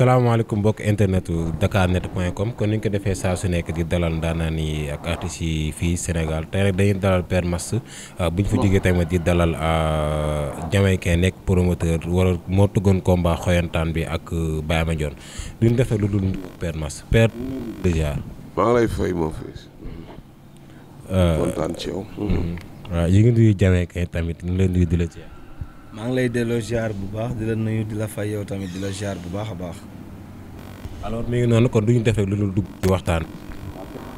salaamaaleykum mbokk internet dakarnet.com kon ni ñu ko defee saa su nekk di dalal ndaanaan yi ak artistes yi fii Sénégal tey nag dañuy dalal Père Max euh, bu ñu fa jógee tamit di dalal euh, Jamaïcain nekk promoteur wala moo tëggoon combat xoyantaan bi ak euh, Baye Mandione duñ defee lu dul Père Max Père déjà. yi mhm. ngi nuyu Jamaïcain tamit ñu ngi leen di nuyu di la maa ngi lay delloo genre bu baax di la nuyu di la fay yow tamit di la ziar bu baax a baax. alors mi ngi noonu kon du ñu def rek lu dul dugg ci waxtaan.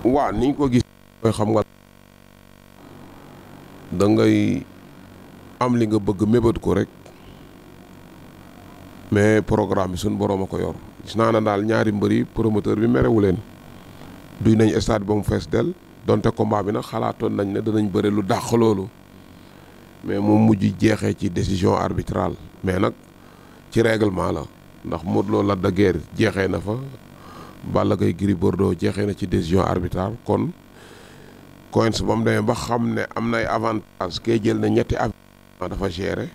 waaw ni ñu ko gis mooy xam nga da ngay am li nga bëgg mébét ko rek mais programme bi suñu borom a ko yor gis naa na daal ñaari mbër yi promoteur bi merewu leen duy nañ stade ba mu fees del donte combat bi nag xalaatoon nañ ne danañ bëre lu dàq loolu. mais mu mujj jeexee ci décision arbitrale mais nag ci règlement la ndax Modou Lo Lac de jeexee na fa Balla Gaye Gris Bordeaux jeexee na ci décision arbitrale kon Quench ba mu demee ba xam ne am nay avantage kee jël na ñetti avertissement dafa géré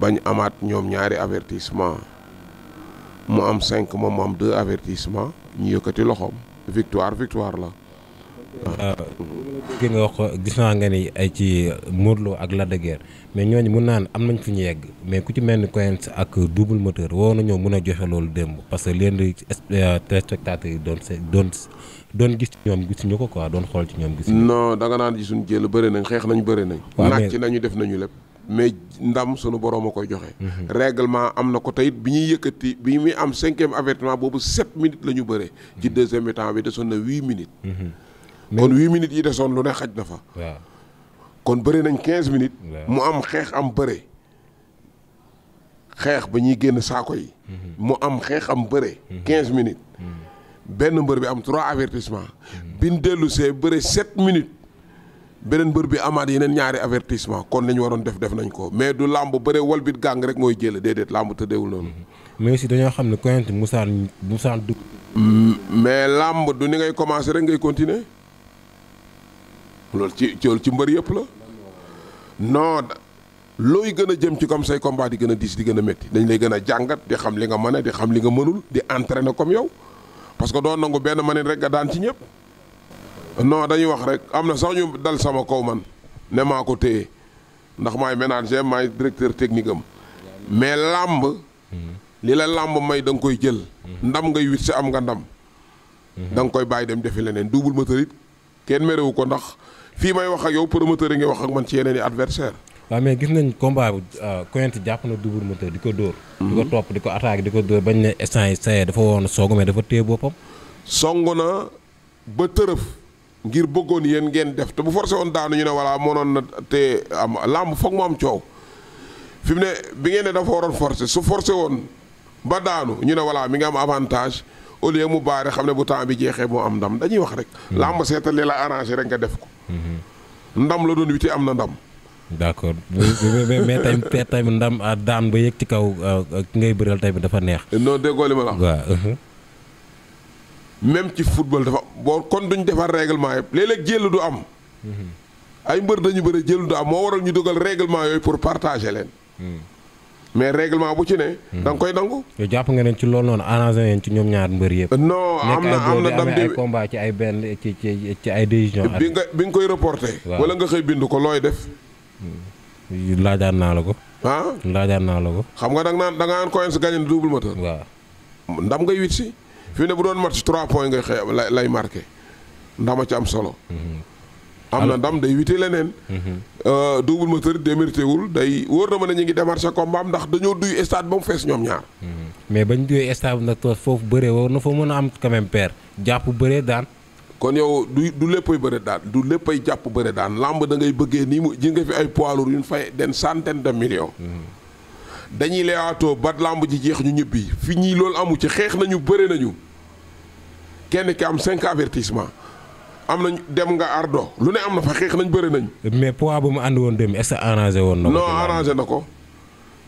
bañ amaat ñoom ñaari avertissement mu am cinq moom mu am deux avertissement ñu yëkkati loxoom victoire victoire la Euh, ki nga wax ko gis naa nga ni ay ci Modou Lo ak la de Guiers mais ñooñu mun naa naan am nañ fu ñu yegg mais ku ci mel ni Quench ak double moteur woo na ñoo mun a joxe loolu démb parce que leen di euh, téléspectateurs yi doon doon doon gis ci ñoom gisuñu ko quoi doon xool ci ñoom gis noo danga naan gisuñ jël bëri nañ xeex nañu bëri nañ naaj ci nañu def nañu lépp mais ndam sunu borom a koy joxe. Mhm. règlement am na ko tey bi ñuy yëkkati bi muy am cinquième avertissement boobu sept minutes la ñu bëree. ci mhm. deuxième temps bi desoon na huit minutes. Mhm. kon huit minutes yi desoon lu ne xaj na fa. waaw kon bëri nañ quinze minutes. mu am xeex am bëre. xeex ba ñuy génn saako yi. Mhm. mu am xeex am bëre. Mhm. quinze minutes. Mhm. benn mbër bi am trois avertissement bi ñu dellu see bëre sept minutes. beneen mbër bi amaat yeneen ñaari avertissement kon li ñu waroon def def nañ ko mais du làmb bëre walbit gàng rek mooy jële déedéet làmb tëddeewul noonu. mais aussi dañoo xam ne Koyante Moussa Moussa dugg. mais làmb du ni ngay commencer rek ngay continuer. loolu ci loolu ci mbër yëpp la non looy gën a jëm ci comme say combat di gën a diis di gën a métti dañu lay gën a jàngat di xam li nga mën a di xam li nga mënul di entraîner comme yow parce que doo nangu benn manit rek nga daan ci ñëpp non dañuy wax rek am na sax ñu dal sama kaw man ne maa ko téye ndax maay ménager maay directeur technique am mais làmb li la làmb may da nga koy jël ndam ngay wit si am nga ndam mhm. da koy bàyyi dem defi leneen double moteur it kenn merewu ko ndax fii may wax ak yow promoteur yi ngay wax ak man ci yeneen i adversaire waaw mais gis nañ combat bi euh, Koyante jàpp na double moteur di ko dóor. di ko mhm. topp di ko attaqué di ko dóor bañ ne instant yi saye dafa woon song mais dafa téye boppam. song na ba tërëf ngir bëggoon yéen ngeen def te bu forcé woon daanu ñu ne voilà mënoon na te am làmb foog mu am coow fi mu ne bi ngeen ne dafa waroon forcé su forcé woon ba daanu ñu ne voilà mi nga am avantage au lieu mu baare xam ne bu temps bi jeexee moo am ndam dañuy wax rek. Mhm. làmb seetal li arrangé rek nga def ko. ndam la doon witi am na ndam. d' accord mais tey tey ndam ah, daan ba yëg ci kaw ah, ki ngay bëral tey bi dafa neex. non déggoo li ma la wax waaw. Uh-huh. ci football dafa boo kon duñ defar règlement yëpp léeg-léeg du am. Uh-huh. ay mbër dañu bëri jël du am moo waral ñu dugal règlement yooyu pour partager leen. Hmm. mais réglement bu ci ne. Hmm. da nga koy nangu. yow jàpp nga ne ci loolu noonu arrangé nañ ci ñoom ñaar mbër yëpp. non am na am na dam ay combat ci ay benn ci ci ci ay décision. bi nga bi nga koy reporté. wala nga xëy bindu ko looy def. Hmm. laajaan naa la ko. ah laajaan naa la ko. xam nga da nga naan da nga naan Quench gagné double moteur. waaw ndam ngay wit si. fi ne bu doon match 3 points ngay xëy lay marqué ndama ci am solo. Hmm. am na ndam day wite leneen. Mhm. Euh, double moteur démérité wul day wóor na ma ne ñu ngi ko mbaam ndax dañoo duy stade ba mu fees ñoom ñaar. Mhm. mais bañ duyee stade nag foofu bëree war na fa mën a am quand même père jàpp bëree daan. kon yow du du léppay bëre daan du léppay jàpp bëre daan làmb da ngay bëggee nii mu ji nga fi ay poids lourds yu ñu fay den centaine de millions. Mhm. dañuy leewaatoo ba làmb ji jeex ñu ñibbi fi ñi loolu amu ci xeex nañu bëre nañu kenn ki am cinq avertissement. am nañ dem nga ardo lu ne am na fa xeex nañ bëri nañ. mais poids bu mu ànd woon dem est-ce woon na ko. non na ko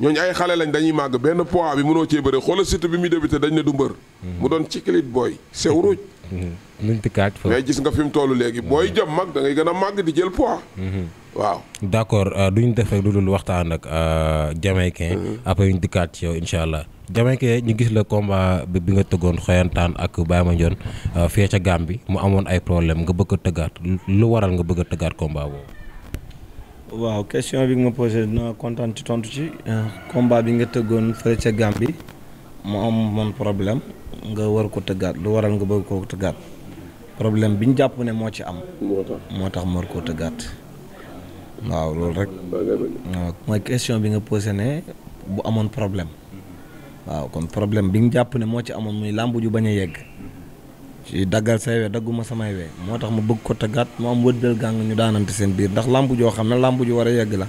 ñooñu ay xale lañ dañuy màgg benn poids bi mënoo cee bëri xoolal surtout bi muy débuté dañ ne du mbër. mu doon ciklit booy sew ruuj. ngay mm-hmm. gis nga fi mu toll léegi booy mm-hmm. jëm mag da gën a màgg di jël poids. Mm-hmm. waaw d' accord euh, du ñu lu dul waxtaan ak euh, jamaïcain après ñu dikkaat ci yow incha allah. Jamaïcain ñu gis la combat bi nga tëggoon xoyantaan ak Baye Mandione euh, fee ca bi mu amoon ay problème nga bëgg a tëggaat lu waral nga bëgg a tëggaat combat question bi ma posé dina kontaan ci tontu ci euh, combat bi nga tëggoon fële ca mu am problème nga war ko tëggaat waral nga bëgg koo tëggaat problème bi ñu jàpp ne moo ci am. moo tax moo war koo tëggaat. waaw loolu rek. mooy question bi nga posé ne bu amoon problème. waaw kon problème bi nga jàpp ne moo ci amoon muy làmb ju bañ a yegg ci daggal say we dagguma samay we moo tax ma bëgg ko tëggaat mu am wëddal gàng ñu daanante seen biir ndax làmb joo xam ne làmb ju war a yegg la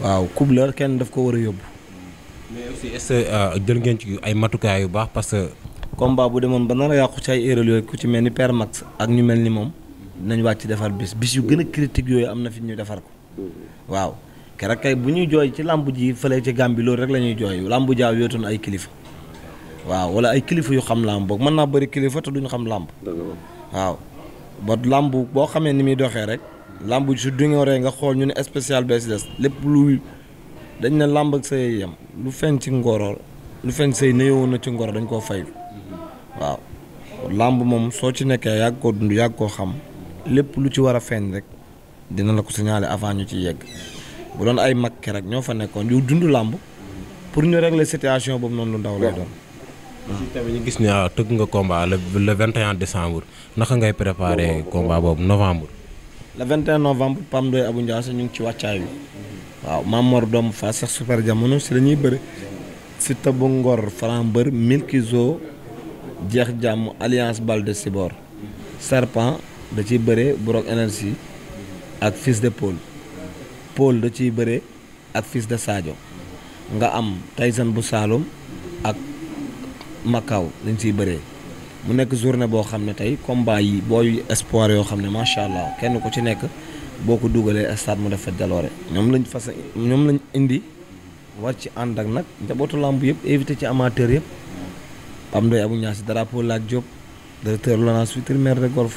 waaw coupe la kenn daf ko war a yóbbu. Euh, jël ngeen ci ay matukaay yu baax parce que. combat bu demoon ba nar a yàqu ci ay yooyu ku ci mel ni Père Max ak ñu mel ni moom nañ wàcc defar bis bis yu gën a critique yooyu am na fi ñu defar ko mm-hmm. waaw. keroog kay bu ñuy jooy ci làmb ji fële ci Gàmbi loolu rek la ñuy jooy làmb jaa wéetoon ay kilifa waaw wala ay kilifa yu xam làmb boog mën naa bari kilifa te duñu xam làmb làmb boo xamee ni muy doxee rek làmb su duñooree nga xool ñu ne spécial bees des lépp lu dañ ne làmb ak say yem lu feeñ ci ngoro lu feeñ say néewoon na ci ngoro dañ koo fay waaw moom soo ci nekkee yàgg koo dund yàgg koo xam lépp lu ci war a feeñ rek dina la ko signaler avant ñu ci yegg bu doon ay mag rek ñoo fa nekkoon yu dund làmb pour ñu régler situation boobu noonu lu ndaw lay doon. aussi gis ne ah, tëgg nga combat le vingt 21 décembre naka ngay préparer combat boobu novembre. le 21 novembre Pam Ndoye Abou Ndiassé ñu ngi ci wàccaay wi waaw Mamor doomu Fass sax super jamono si la ñuy bëri si tëbu ngor Franc mbër Milkizo jeex jàmm alliance Balde Sibor serpent da ciy bëree Brock énergie ak fils de Paul. Paul da ciy bëre ak fils de Sadio nga am Tyson bu Saloum ak Macau dañ ciy bëree mu nekk journée boo xam ne tey combat yi booy espoir yoo xam ne macha allah kenn ku ci nekk boo ko dugalee stade mu def fa jaloore ñoom lañ fas ñoom lañ indi war ci ànd ak nag njabootu làmb yëpp éviter ci amateur yëpp am doy abu ñaasi drapeau laaj Diop directeur LONASE futur maire de golf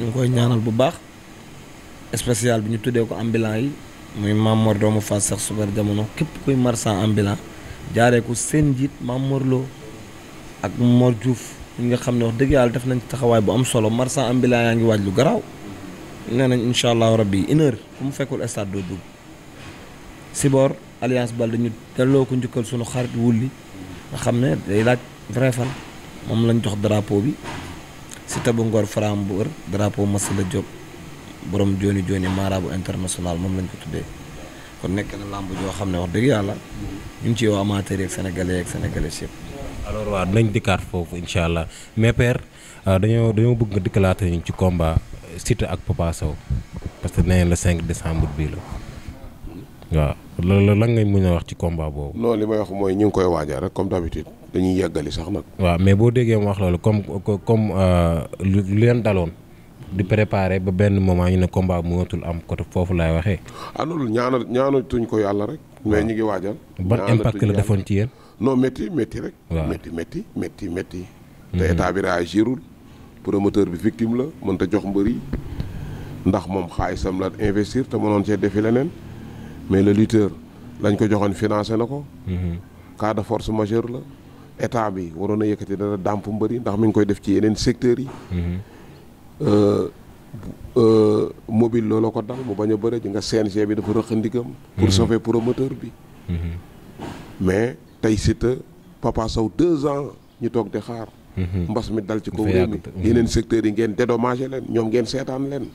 ñu ngi koy ñaanal bu baax spécial bi ñu tuddee ko ambulant yi muy Mamor doomu Fass sax subar jamono képp kuy marchand ambulant jaaree ko seen njiit Mamor Lo ak Mor Diouf ñi nga xam ne wax dëgg yàlla def nañ taxawaay bu am solo marchand ambulant yaa ngi waaj lu garaaw nee nañ incha allahu rabbi une heure mu fekkul stade doo dugg Sibor alliance Bal dañu delloo ko njukkal sunu xarit wulli nga xam ne day laaj vrai moom lañ jox drapeau bi si tabu ngor faram bu ër drapeau la Diop. borom jooni jooni maaraabu international moom lañ ko tuddee kon nekk na làmb joo xam ne wax dëgg yàlla ñu ngi ci yow amateur yeeg sénégalais yeeg sénégalais yëpp. alors waaw dinañ dikkaat foofu incha allah mais père euh, dañoo dañoo bëgg nga dikkalaate ñu ci combat Siteu ak Papa Sow parce que nee le 5 décembre bii la waaw loolu lan ngay mën a wax ci combat boobu. non li may wax mooy ñu ngi koy waajal rek comme d'habitude dañuy yàggali sax nag. waaw mais boo déggee ma wax loolu comme comme euh, li leen daloon. di préparer ba benn moment ñu ne combat mënatul am côté foofu laay waxee. ah loolu ñaanal ñaanatuñ ko yàlla rek. mais ñu ngi waajal. ban impact la defoon ci yéen. non métti métti rek. waaw métti métti métti métti. Mhm. te état bi réagirul promoteur bi victime la mënta jox mbër yi ndax moom xaalisam la investir te mënoon cee defi leneen mais le lutteur lañ ko joxoon financé na ko. Mhm. cas de force majeure la état bi waroon a yëkkati da dàmp mbër yi ndax mi ngi koy def ci yeneen secteurs yi. Mhm. Euh, euh, mobile looloo ko dal mu bañ a bëre ji nga CNG bi dafa rëq ndigam pour mm-hmm. sauver promoteur bi mm-hmm. mais tey Siteu Papa Sow deux ans ñu toog di xaar mm-hmm. mbas mi dal ci kaw réew mi yeneen secteurs yi ngeen dédommagé leen ñoom ngeen seetaan leen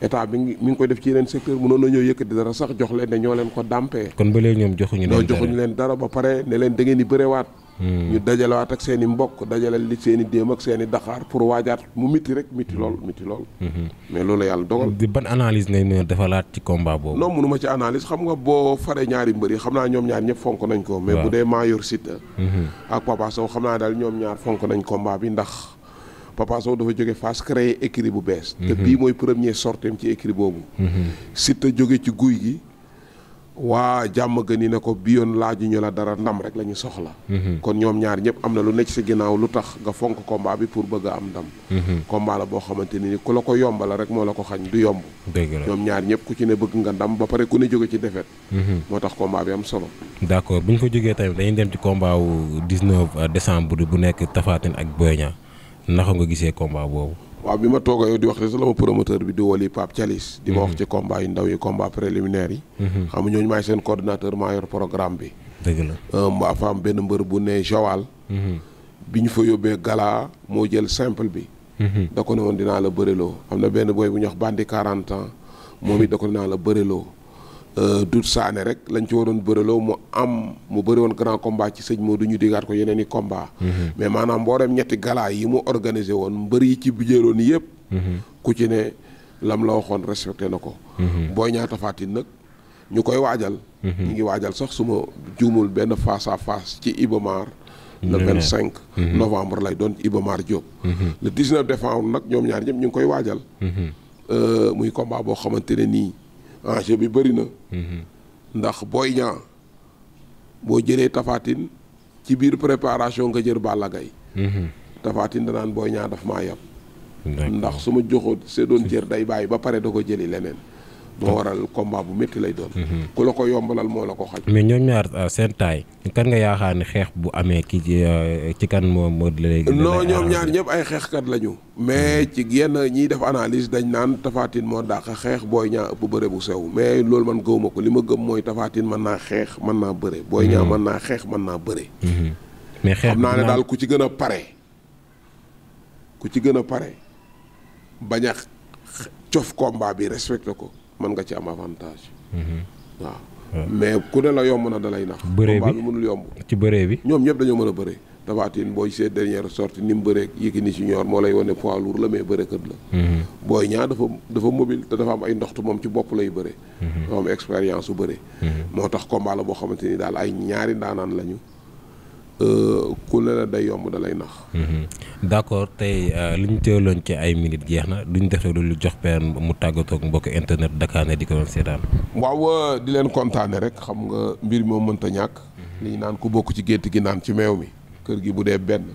état bi mi ngi koy def ci yeneen secteur mënoon na yëkk di dara sax jox leen ne ñoo leen ko dàmpee kon ba léegi ñoom joxuñu leen dara joxuñu leen dara ba pare ne leen da ngeen di bërewaat Hmm. ñu dajalewaat ak seen i mbokk dajale li seen i déem ak seen i daxaar pour waajaat mu mitti rek mitti lool miti lool. Hmm. mais loolu yàlla dogal. di ban analyse ngay mën defalaat ci combat boobu. non mënu ma ci analyse xam nga boo faree ñaari mbër yi xam naa ñoom ñaar ñëpp fonk nañ ko. mais bu dee maa yor Siteu hmm. ak Papa xam naa daal ñoom ñaar fonk nañ combat bi ndax Papa Sow dafa jóge Fass créé écurie bu bees. te bii mooy premier sortem ci écurie boobu. Siteu jóge ci guy gi. waa jàmm gën ni ne ko bi yoon laaju ñu la dara ndam rek la ñu soxla. Mhm. kon ñoom ñaar ñëpp am na lu nekk si ginnaaw lu tax nga fonk combat bi pour bëgg am ndam. Mhm. combat la boo xamante ni ku la ko yombala rek moo la ko xañ du yomb. ñoom ñaar ñëpp ku ci ne bëgg nga ndam ba pare ku ne jóge ci defet mhm. moo tax combat bi am solo. d' accord bu ñu ko jógee tamit dañuy dem ci combat wu 19 décembre bu nekk Tapha Tine ak Boy Niang naka nga gisee combat boobu. waaw bi ma toog yow di wax rek la ma promoteur bi di wali Pape Thialis. di ma wax mhm. ci combat yu ndaw yi combat préliminaire yi. Mhm. xam nga ñooñu maay seen coordinateur maa yor programme bi. dëgg la euh, mbaa fa am benn mbër bu ne Joal. Mhm. bi ñu fa yóbbee galaa moo jël simple bi. da ko ne woon dinaa la bëriloo. am na benn booy bu ñox wax bandi 40 ans moom it da ko dinaa la bëriloo. Euh, Doudou Sané rek lañ ci waroon bëreloo mu am mu bëri woon grand combat ci sëñ du ñu diggaat ko yeneen i combat mhm. mais maanaam mboolem ñetti gala yi mu organisé woon mbër yi ci bijeeloon yëpp mhm. ku ci ne lam la waxoon respecté na ko mhm. Boy Niang Tapha Tine nag ñu koy waajal ñu ngi waajal sax su ma juumul benn face à face ci Ibamar le vingt cinq novembre lay doon Ibamar Diop le 19 décembre nag ñoom ñaar ñëpp ñu ngi koy waajal euh, muy combat boo xamante ne nii enjeu bi bari na. ndax Boy ñaa boo jëlee tafaatin ci biir préparation nga jër Balla Gaye. Tapha Tine danaan Boy Niang daf maa yab. ndax su ma joxoon see doon jër day bàyyi ba pare da ko jëli leneen. moo waral combat bu métti lay doon. Mhm. ku la ko yombalal moo la ko xaj. mais ñoom ñaar euh, seen taay kan nga yaakaar ni xeex bu amee ki ci euh, kan moom moo lay. non ñoom ñaar ñëpp ay xeexkat la ñu. mais ci yenn ñiy def analise dañ naan tafaatin moo dàq xeex booy ñaa ëpp bëre bu sew mais loolu man gëwuma ko li ma gëm mooy tafaatin mën naa xeex man naa bëre. booy ñaa man naa xeex mën naa bëre. Mhm. Mhm. mais xeex xam naa ne daal ku ci gën a pare ku ci gën a pare bañax cof combat bi respecté ko. mën nga ci am avantage. Mhm. waaw mais ku ne la yomb na dalay nax. bëree bi lu mënul yomb. ci bëree bi ñoom ñëpp dañoo mën a bëree. Tapha Tine booy ses dernière sortie ni mu bëree Yékini Junior moo lay wone poids lourd la mais bëreekat la. Mhm. Boy ñaar dafa dafa mobile te dafa am ay ndoxtu moom ci bopp lay bëree. Mhm. dafa am su bëree. moo tax combat la boo xamante ni daal ay ñaari ndaanaan lañu. Euh, ku ne la day yomb da lay nax. Mhm. d'accord tey euh, li ñu teewloon ci ay minutes jeex na duñ def lu jox peen mu tàggatoo ak mbokk internet Dakar ne di ko doon seetaan. waaw di leen kontaane rek xam nga mbir moo mënta ñàkk. li mhm. ñu naan ku bokk ci gétt gi naan ci meew mi. kër gi bu dee benn.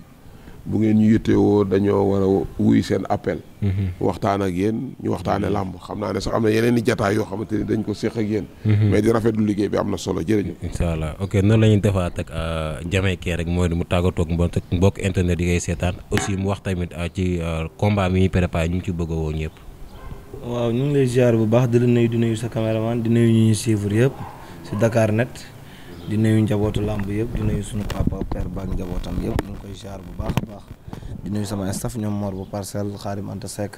bu ngeen ñu yittewoo dañoo war a wuy seen appel. Mhm. waxtaan ak yéen ñu waxtaanee mhm. làmb xam naa ne sax am na yeneen i jataay yoo xamante ni dañ ko séq ak yéen. Mhm. mais di rafetlu liggéey bi am na solo jërëjëf. incha allah ok noonu la ñuy defaat ak euh, Jamaïcain rek mooy mu tàggatoo ak mbokk internet yi ngay seetaan aussi mu wax tamit euh, ci euh, combat mi ñuy préparé ñu ngi ci bëgg a woo ñëpp. waaw ñu ngi lay ziar bu baax di la nuyu di nuyu sa caméraman di nuyu ñu ñuy suivre yëpp si Dakar net. di nuyu njabootu làmb yëpp di nuyu suñu papa père baak njabootam yëpp ñu ngi koy jaar bu baax a baax di nuyu sama staff ñoom Mor bu parcelle Xaarim Anta Seck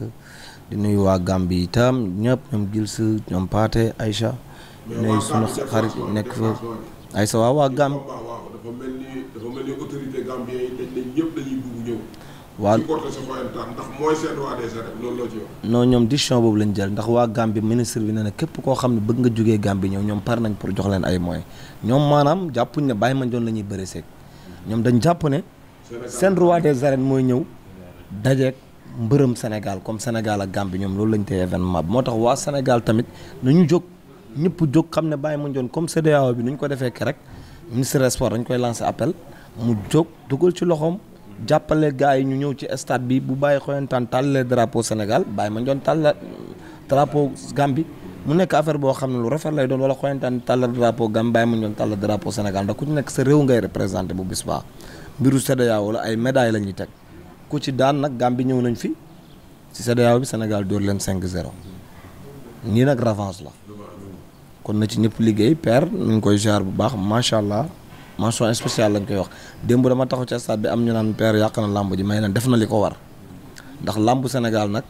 di nuyu waa Gambie itam ñëpp ñoom Gils ñoom Paate Aïcha di nuyu sunu xarit nekk fa Aïssa waa Gambie. waaw ndax mooy seen roi des ñoom décision boobu lañ jël ndax waa Gambie ministre bi ne na képp koo xam ne bëgg nga jógee Gambie ñëw ñoom par nañ pour jox leen ay moyens ñoom maanaam jàppuñ ne bàyyi ma doon la ñuy bëri seeg ñoom dañ jàpp ne seen des arènes mooy ñëw dajeeg mbërëm Sénégal comme Sénégal ak Gambie ñoom loolu lañ tey événement bi moo tax waa Sénégal tamit ñu jóg ñëpp jóg xam ne bàyyi ma doon comme CEDEAO bi nu ñu ko defee rek ministre des dañ koy lancer appel mu jóg dugal ci loxoom jàppale gars yi ñu ñëw ci stade bi bu bàyyi xoyantaan tàllalee drapeau Sénégal bàyyi ma doon tàllal drapeau gambi mu nekk affaire boo xam ne lu rafet lay doon wala xoyantaan tàllal drapeau Gambie bàyyi ma doon tàllal drapeau Sénégal ndax ku nekk sa réew ngay représenté bu bis baa mbiru CEDEAO wala ay médailles la ñuy teg ku ci daan nag Gambie ñëw nañ fi ci CEDEAO bi Sénégal dóor leen cinq 0 nii nag revanche la kon na ci ñëpp liggéey père ñu ngi koy jaar bu baax macha allah. mention spéciale lañ koy wax démb dama taxaw ci stade bi am ñu naan père yàq na làmb ji may na def na li ko war ndax làmb Sénégal nag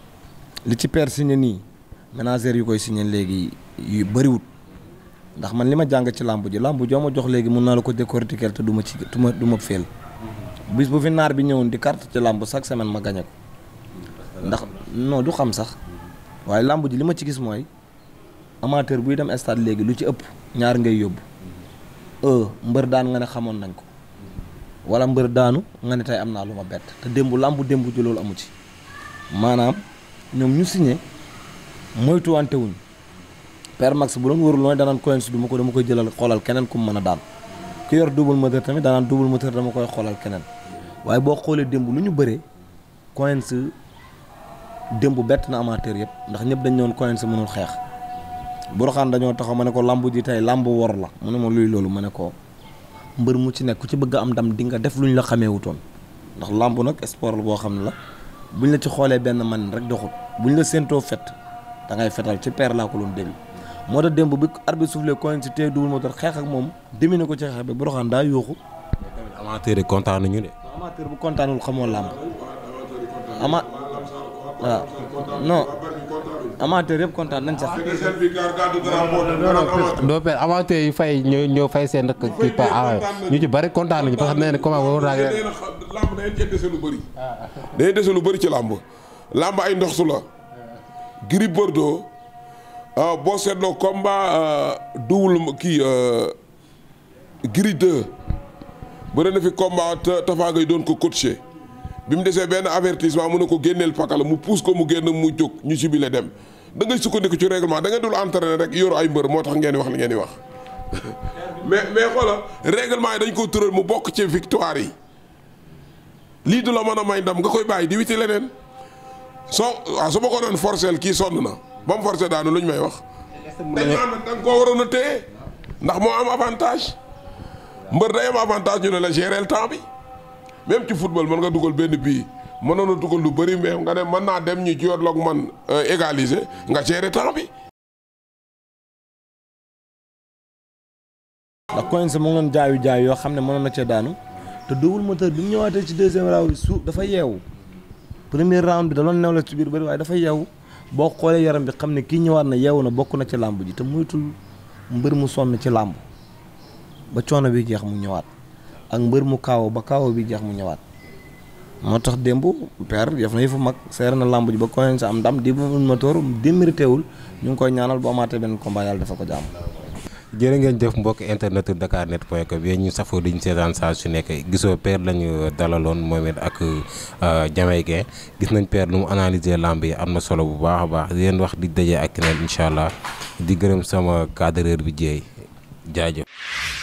li ci per signé nii ménagères yu koy signé léegi yu ndax man li ma jàng ci làmb ji làmb joo ma jox léegi mun naa la ko décortiquer te duma ci du ma du bis bu fi naar bi ñëwoon di carte ci làmb chaque semaine ma gañe ko ndax non du xam sax waaye làmb ji li ma ci gis mooy amateur buy dem stade léegi lu ci ëpp ñaar ngay yóbbu mbër daan nga ne xamoon nañ ko wala mbër daanu nga ne tey am naa lu ma bett te démb làmbu démb ji loolu amu ci maanaam ñoom ñu signé moytuwante wuñ Père Max bu doon wërul mooy danaan Coins du ma ko dama koy jëlal xoolal keneen ku mu mën a daan ku yor double moteur tamit danaan double moteur dama koy xoolal keneen waaye boo xoolee démb lu ñu bëree Coins démb bett na amateur yëpp ndax ñëpp dañ ñoon Coins mënul xeex. Burxaan dañoo taxaw ma ne ko lamb ji tey lamb wor la mu ne ma luy loolu ma ne ko mbër mu ci nekk ci bëgg am ndam di nga def lu ñu la xamee wutoon ndax lamb nag sport la boo xam ne la buñ la ci xoolee benn man rek doxut buñ la séentoo fet da ngay fetal ci peer laa ko doon déglu. moo tax démb bi arbitre soufflé coin ci téye Double Moteur xeex ak moom demi na ko ci xeex bi Burxaan daa yooxu. amateur yi kontaan ñu de. amateur bu kontaanul xamoo lamb ama amateur yëpp kontaan nañ sax. non non amateur yi fay ñoo ñëw fay seen rek kii pa ah, ñu ci bari kontaan nañu parce que nee na comment war naa leen. làmb day dese lu bëri. lu bëri ci làmb. làmb ay ndox su la. Gris Bordeaux ah, boo seetloo combat ah, double kii Gris 2 bëri na fi combat Tafa ngay doon ko coacher. bi mu desee benn avertissement mu ne ko génneel pakala mu puus ko mu génn mu jóg ñu jubile dem da ngay sukkandiku ci règlement da nga dul entraîné rek yoru ay mbër moo tax ngeen wax li ngeen di wax mais mais xoola règlement yi dañ ko tural mu bokk ci victoire yi lii du la mën a may ndam nga koy bàyyi di witi leneen soo waaw su ma ko doon forcel kii sonn na ba mu forcé daanu lu ñu may wax dañ naan da koo waroon a téye ndax moo am avantage mbër day am avantage ñu ne la bi même ci football mën nga dugal benn bii mënoon dugal lu bari mais nga ne mën naa dem ñu jiwarloog man euh, égaliser nga gérer temps bi. sa Coins mu ngi jaayu jaay yoo xam ne mënoon na cee daanu te double moteur bi mu ñëwaatee ci deuxième round su dafa yeewu premier round bi da doon newle ci biir bëri waaye dafa yeewu boo xoolee yaram bi xam ne kii ñëwaat na yeewu na bokk na ci làmb ji te muytul mbër mu sonn ci làmb ba coono bi jeex mu ñëwaat. ak mbër mu kaaw ba kaaw bi jeex mu ñëwaat moo tax démb père def na yëfu mag seer na làmb ji ba koyoon sa am ndam di ma tóor déméritéwul ñu ngi koy ñaanal boo amaatee benn combat yàlla dafa ko jaam. jërë ngeen jëf mbokk internet dakarnet.com yéen ñu safoo di ñu seetaan saa su nekk gisoo père lañu dalaloon moom it ak euh, Jamaïcain gis nañ père lu mu analyser làmb yi am na solo bu baax a baax di leen wax di daje ak keneen incha allah di gërëm sama cadreur bi Dieye jaajëf.